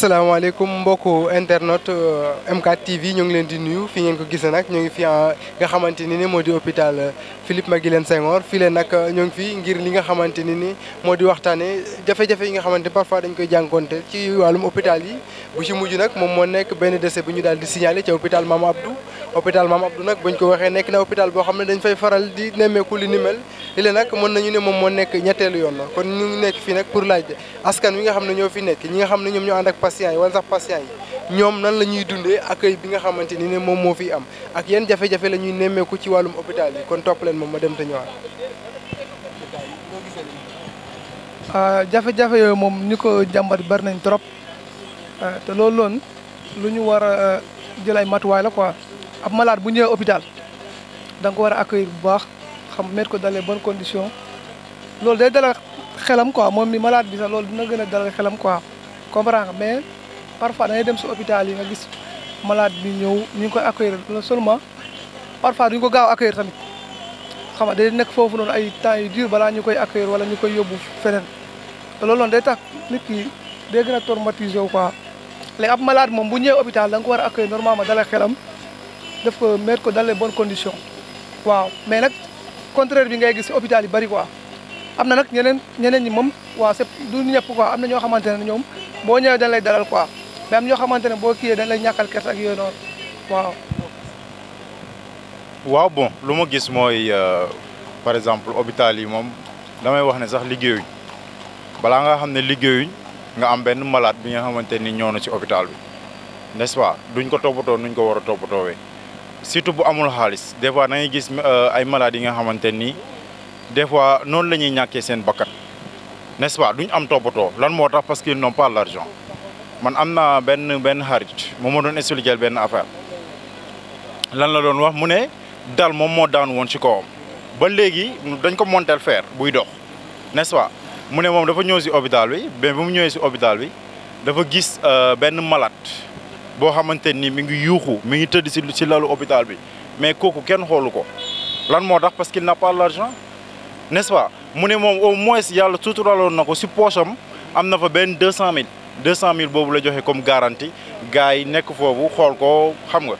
salaamaaleykum mbokku internet euh, MK TV ñu ngi leen di nuyu fi ngeen ko gisee nag ñu ngi fi ah, nga xamante ni ni moo di hôpital euh, Philippe Maguilène Senghor fii leen nag euh, ñoo ngi fi ngir li nga xamante ni ni moo di waxtaanee jafe-jafe yi nga xamante ni parfois dañ koy jànkonte ci wàllum hôpital yi bu ci mujj nag moom moo nekk benn décès bu ñu daal di signalé ca hôpital Mame Abdou hôpital Mame Abdou nag buñ ko waxee nekk na hôpital boo xam ne dañ fay faral di nemmeeku li ni mel li leen nag mën nañu ne moom moo nekk ñetteelu yoon la kon ñu nekk fii nag pour laaj askan wi nga xam ne ñoo nekk ñi nga xam ne ñoom ñoo patients yi wala sax patients yi ñoom nan la ñuy dundee accueil bi nga xamante ni ne moom moo fiy am ak yan jafe-jafe la ñuy nemmeeku ci wàllum hôpital yi kon topp leen moom ma dem te ñëwaat. Ah, jafe-jafe yooyu moom ñu ko jàmbat bari nañ trop ah, te loolu loon ñu war a ah, jël ay matuwaay la quoi ab bu ñëwee hôpital da nga war a bu baax xam mettre ko dans les bonnes conditions loolu day dalal xelam quoi moom mi malade bi sax lool dina gën a dalal xelam quoi. comprends mais parfois da ngay dem si hôpital yi nga gis malade bi ñëw ñu ngi koy accueillir seulement parfois duñu ko gaaw accueillir tamit xam nga day nekk foofu noonu ay temps yu dur balaa ñu koy accueillir wala ñu koy yóbbu feneen te loolu day tax nit ki day gën a traumatisé wu quoi léegi ab malade moom bu ñëwee hôpital da nga ko war a accueillir normalement dalal xelam def ko mettre ko dans les bonnes conditions waaw mais nag contraire bi ngay gis si hôpital yi bari quoi am na nag ñeneen ñeneen ñi moom waaw c'est du ñëpp quoi am na ñoo xamante ne ñoom boo ñëwee dañ lay dalal quoi mais am ñoo xamante ne boo kiiyee dañ lay ñàkkal kese ak yooyu noonu waaw. waaw bon lu ma gis mooy euh, par exemple hôpital yi moom damay wax ne sax liggéeyuñ balaa nga xam ne liggéeyuñ nga am benn malaat bi nga xamante ni ñëw na ci hôpital bi nest duñ ko toppatoo nuñ ko war a toppatoowee surtout bu amul xaalis des fois da ngay gis euh, ay malades yi nga xamante ni des fois noonu la ñuy ñàkkee seen bakkan. n'est-ce pas duñ am toppatoo lan moo tax parce qu'ils n'ont pas l'argent man am naa benn benn xarit moom moo doon expliquer benn affaire lan la doon wax mu ne dal moom moo daan woon ci kawam ba léegi dañ ko monter fer buy dox n'est-ce pas mu ne moom dafa ñëw si hôpital bi mais bu mu ñëwee si hôpital bi dafa gis euh, benn malaat boo xamante nii mi ngi yuuxu mi ngi tëdd ci ci lalu hôpital bi mais kooku kenn xoolu ko lan moo tax parce qu'il n'a pas l'argent nest pas mu ne moom au moins yàlla suturaloon na ko si poosam am na fa benn deux cent mille deux cent mille boobu la joxe comme garantie gars yi nekk foofu xool ko xam nga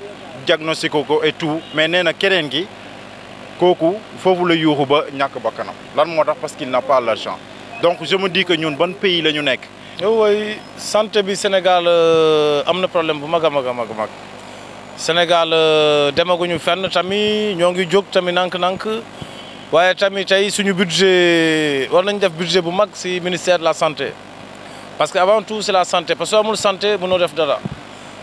diagnostic ko et tout mais nee na keneen gi kooku foofu la yuuxu ba ñàkk bakkanam lan moo tax parce qu'il n'a pas donc je me dis que ñun ban pays la ñu nekk wooy santé bi Sénégal euh, am na problème bu mag a mag a mag a mag euh, fenn tamit ñoo ngi jóg tamit nank-nank waaye tamit tey suñu budget war nañ def budget bu mag si ministère de la santé parce que avant tout c'est la santé parce que amul santé mënoo def dara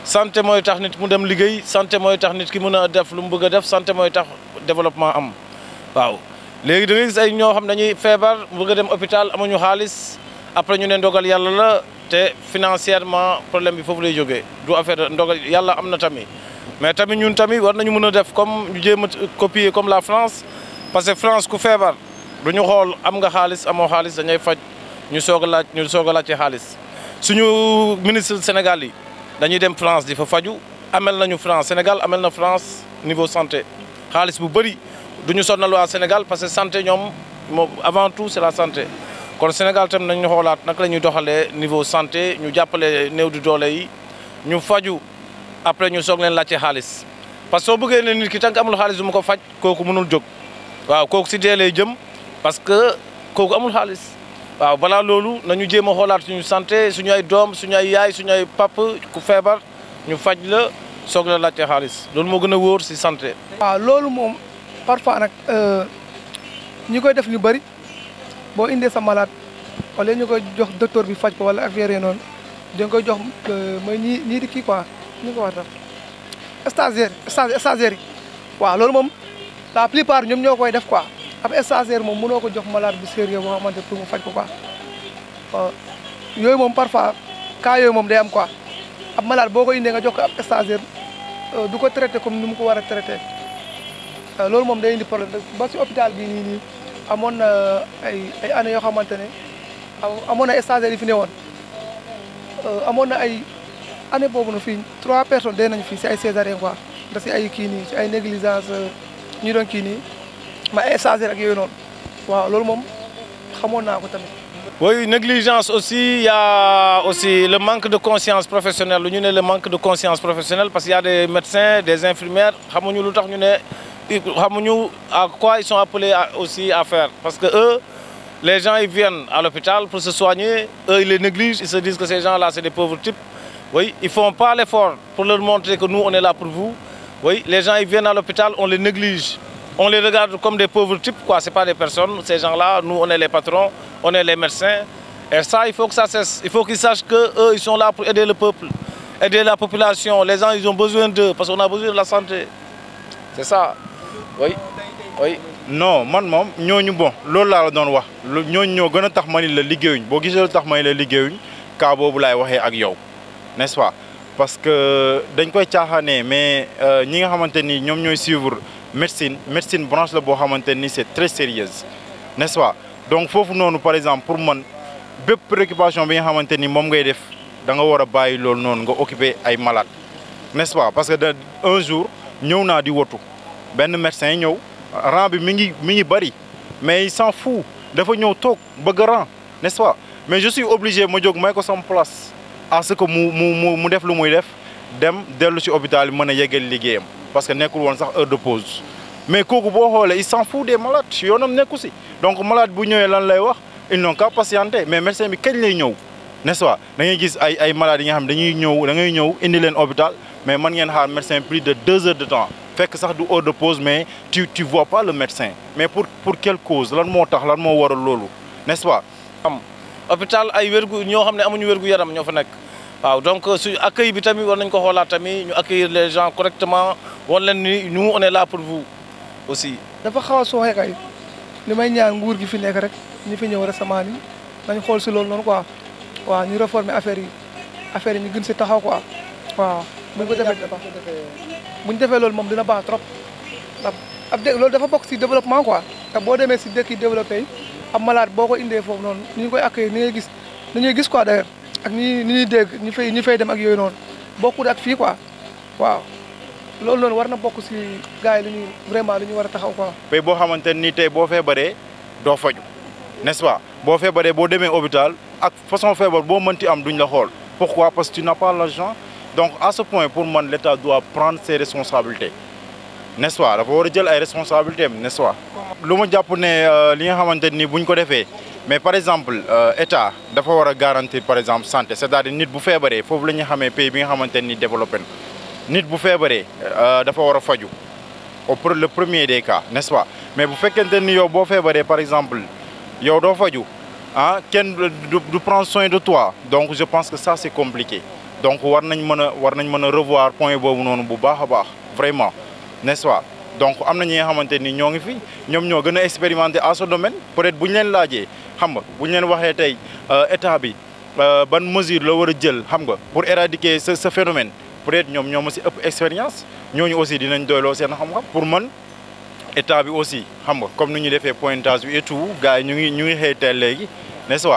santé mooy tax nit mu dem liggéey santé mooy tax nit ki mën a def lu mu bëgg def santé mooy tax développement am waaw léegi da ngay ay ñoo xam dañuy feebar bëgg a dem hôpital amuñu xaalis après ñu ne ndogal yàlla la te financièrement problème bi foofu lay jógee du affaire ndogal yàlla am na tami mais tamit ñun tamit war nañu mën a def comme jéem a copier comme la France parce que France ku feebar du ñu xool am nga xaalis amoo xaalis dañuy faj ñu soog a laaj ñu soog a laaj ci xaalis suñu ministre Sénégal yi dañuy dem France di fa faju amel nañu France Sénégal amel na France niveau santé xaalis bu bëri du ñu sonnal waa Sénégal parce que santé ñoom moo avant tout c'est la santé kon Sénégal tam nañu xoolaat naka la ñuy doxalee niveau santé ñu jàppale néew du doole yi ñu faju après ñu soog leen laajte xaalis parce que soo bëggee ne nit ki tant amul xaalis mu ko faj kooku mënul jóg. waaw kooku si dee lay jëm parce que kooku amul xaalis waaw balaa loolu nañu jéem a xoolaat suñu sante suñu ay doom suñu ay yaay suñu ay pap ku feebar ñu faj la soog la laajte xaalis loolu moo gën a wóor si santé. waaw loolu moom parfois nag euh, ñi koy def ñu bëri boo indee sa malade wala ñu koy jox docteur bi faj ko wala affaire yi noonu dañ koy jox euh, mooy ñii ñii di kii quoi ñu ko war a def stagiaire stagiaire yi waaw loolu moom. la plupart ñoom ñoo koy def quoi ab stagiaire moom mënoo ko jox malade bu sérieux a xamante pour mu faj ko quoi yooyu moom parfois cas yooyu moom day am quoi ab malade boo ko indee nga jox ko ab stagiaire euh, du ko traité kom ni mu ko war a traité euh, loolu moom day indi problème ba si hôpital bi nii nii amoon na euh, ay ay années yoo xamante ne amoon na stagiaire yi fi ne woon amoon na ay année boobu na fii trois personnes dee nañ fii si ay césariens quoi da kii nii si ay négligence ñu doon kii nii ma échanger ak yooyu noonu waaw loolu moom xamoon naa ko tamit. Oui, négligence aussi, i y a aussi le manque de conscience professionnelle. Nous avons le manque de conscience professionnelle parce qu'il y des médecins, des infirmières, nous à quoi ils sont appelés aussi à faire. Parce que eux, les gens ils viennent à l'hôpital pour se soigner, eux ils les négligent, ils se disent que ces gens-là c'est des pauvres types. Oui, ils ne font pas l'effort pour leur montrer que nous on Oui, les gens ils viennent à l'hôpital, on les néglige. On les regarde comme des pauvres types, quoi. C'est pas des personnes. Ces gens-là, nous, on est les patrons, on est les médecins. Et ça, il faut que ça cesse. Il faut qu'ils sachent qu'eux, ils sont là pour aider le peuple, aider la population. Les gens, ils ont besoin d'eux parce qu'on a de la santé. C'est ça. Oui. non man moom ñooñu bon loolu la doon wax ñooñu ñoo gën a tax ma ni la liggéeyuñ boo gisee lu tax ma la liggéeyuñ cas boobu laay waxee ak yow n'est-ce pas parce que dañ koy caaxaane mais euh, ñi nga xamante ni ñoom ñooy suivre médecine médecine branche la boo xamante ni c'est très sérieuse n'est-ce pas donc foofu noonu par exemple pour man bépp préoccupation bi nga xamante ni moom ngay def da nga war a bàyyi loolu noonu nga occuper ay malade n'est-ce pas parce que da un jour ñëw naa di wotu benn médecin ñëw rang bi mi ngi mi ngi bëri mais il fu dafa ñëw toog bëgg rang nest mais je suis obligé ma jóg may ko sama place à ce que mu mu mu mu def lu muy def dem dellu ci hôpital bi mën a yeggal liggéeyam parce que nekkul woon sax heure de pause mais kooku boo xoolee il s'en fout des malades yoonam nekku si donc malade bu ñëwee lan lay wax ils n'ont qu'à patienter mais médecin bi kañ lay ñëw n'est-ce pas ngay gis ay ay malades yi nga xam dañuy ñëw da ngay ñëw indi leen hôpital mais mën ngeen xaar médecin plus de deux heures de temps fekk sax du heure de pause mais tu tu vois pas le médecin mais pour pour quelle cause moo tax lan moo waral loolu n'est-ce pas hôpital ay wérgu ñoo xam ne amuñu wérgu yaram ñoo fa nekk waaw donc su accueil bi tamit war nañ ko xoolaat tamit ñu accueillir les gens correctement wan leen ni nous on est pour vous aussi. dafa xaw a sooxe kay li may ñaan nguur gi fi nekk rek ñi fi ñëw récemment nii nañ xool si loolu noonu quoi waaw ñu réformer affaire yi affaire yi ñu gën si taxaw quoi waaw. bu ñu ko defee bu ñu defee loolu moom dina baax trop ab dé loolu dafa bokk si développement quoi te boo demee si dëkk yi am malade boo ko indee foofu noonu ni ñu koy accueillir ni ngay gis ni ñuy gis quoi d'ailleurs ak ni ni ñuy dégg ñi fay ñi fay dem ak yooyu noonu bokkul ak fii quoi waaw loolu noonu war na bokk si gars yi lu ñuy vraiment lu ñu war a taxaw quoi. mais boo xamante ni tey boo baree doo faju n'est-ce pas boo feebaree boo demee hôpital ak façon feebar boo mënti am duñ la xool. pourquoi parce que tu n'as pas l'argent donc à ce point pour man l'État doit prendre ses responsabilités. n'est-ce pas dafa war a jël ay responsabilités am n'est-ce lu ma jàpp ne euh, li nga xamante bu ñu ko defee mais par exemple euh, état dafa war a par exemple santé c'est-à-dire nit bu feebaree foofu la ñu xamee pays bi nga xamante ni développé nit bu feebaree euh, dafa war a faju au le premier des cas nest mais bu fekkente ni yow boo feebaree par exemple yow doo faju ah kenn du prendre soin de toi donc je pense que ça c'est compliqué donc war nañ mën a war nañ mën a revoir point boobu noonu bu baax a baax vraiment. n'est-ce pas donc am na ñi nga xamante ni ñoo ngi fi ñoom ñoo gën a expérimenté à ce domaine peut-être bu ñu leen laajee xam nga bu ñu leen waxee tey euh, état bi euh, ban mesure la war a jël xam nga pour éradiquer ce ce phénomène peut-être ñoom ñoo ma si ëpp expérience ñooñu aussi dinañ doyloo seen xam-xam pour man état bi aussi xam nga comme ni ñu defee pointage bi et tout yi ñu ngi ñu ngi xëy teel léegi n'est-ce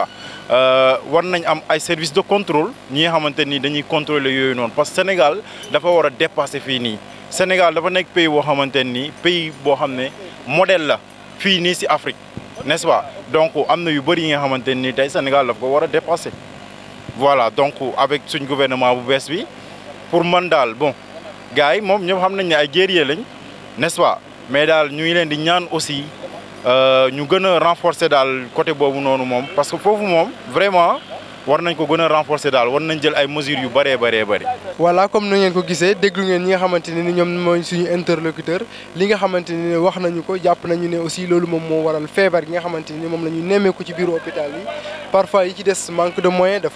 euh, war nañ am ay service de contrôle ñi nga xamante ni dañuy contrôler yooyu noonu parce que Sénégal dafa war a dépasser fii nii. Sénégal dafa nekk pays boo xamante nii pays boo xam ne modèle la fii nii si Afrique n'est-ce pas donc am na yu bëri yi nga xamante nii tey Sénégal daf ko war a dépasser voilà donc avec suñ gouvernement bu bees bi pour man daal bon gars yi moom ñoom xam nañ ne ay guerrier lañ n'est-ce pas mais daal ñu ngi leen di ñaan aussi euh, ñu gën a renforcer daal côté boobu noonu moom parce que foofu moom vraiment war nañ ko gën a renforcer daal war nañ jël ay mesures yu bëree bëree bëri. voilà comme ni ko gisee déglu ngeen ñi nga xamante ne ni ñoom mooy suñu interlocuteur li nga xamante ne wax nañu ko jàpp nañu ne aussi loolu moom moo waral feebar gi nga xamante ne moom la ñu nemmeeku ci biiru hôpital yi. parfois yi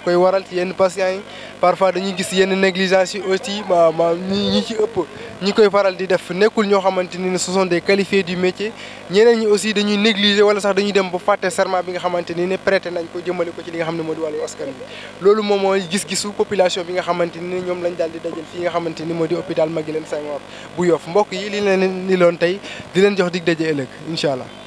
koy waral ci yenn patients yi parfois dañuy gis yenn négligence yi aussi ëpp ñi koy faral di def nekkul ñoo xamante sax dañuy dem ba fàtte serment bi nga xamante ni ne prêté nañ ko jëmale ko ci li nga xam ne moo di wàllu askan bi loolu moomooy gis-gisu population bi nga xamante ni ñoom lañ daal di dajal fii nga xamante ni moo di hôpital leen Senghor bu Yoff mbokk yi li leen ni loon tey di leen jox dig daje ëllëg incha allah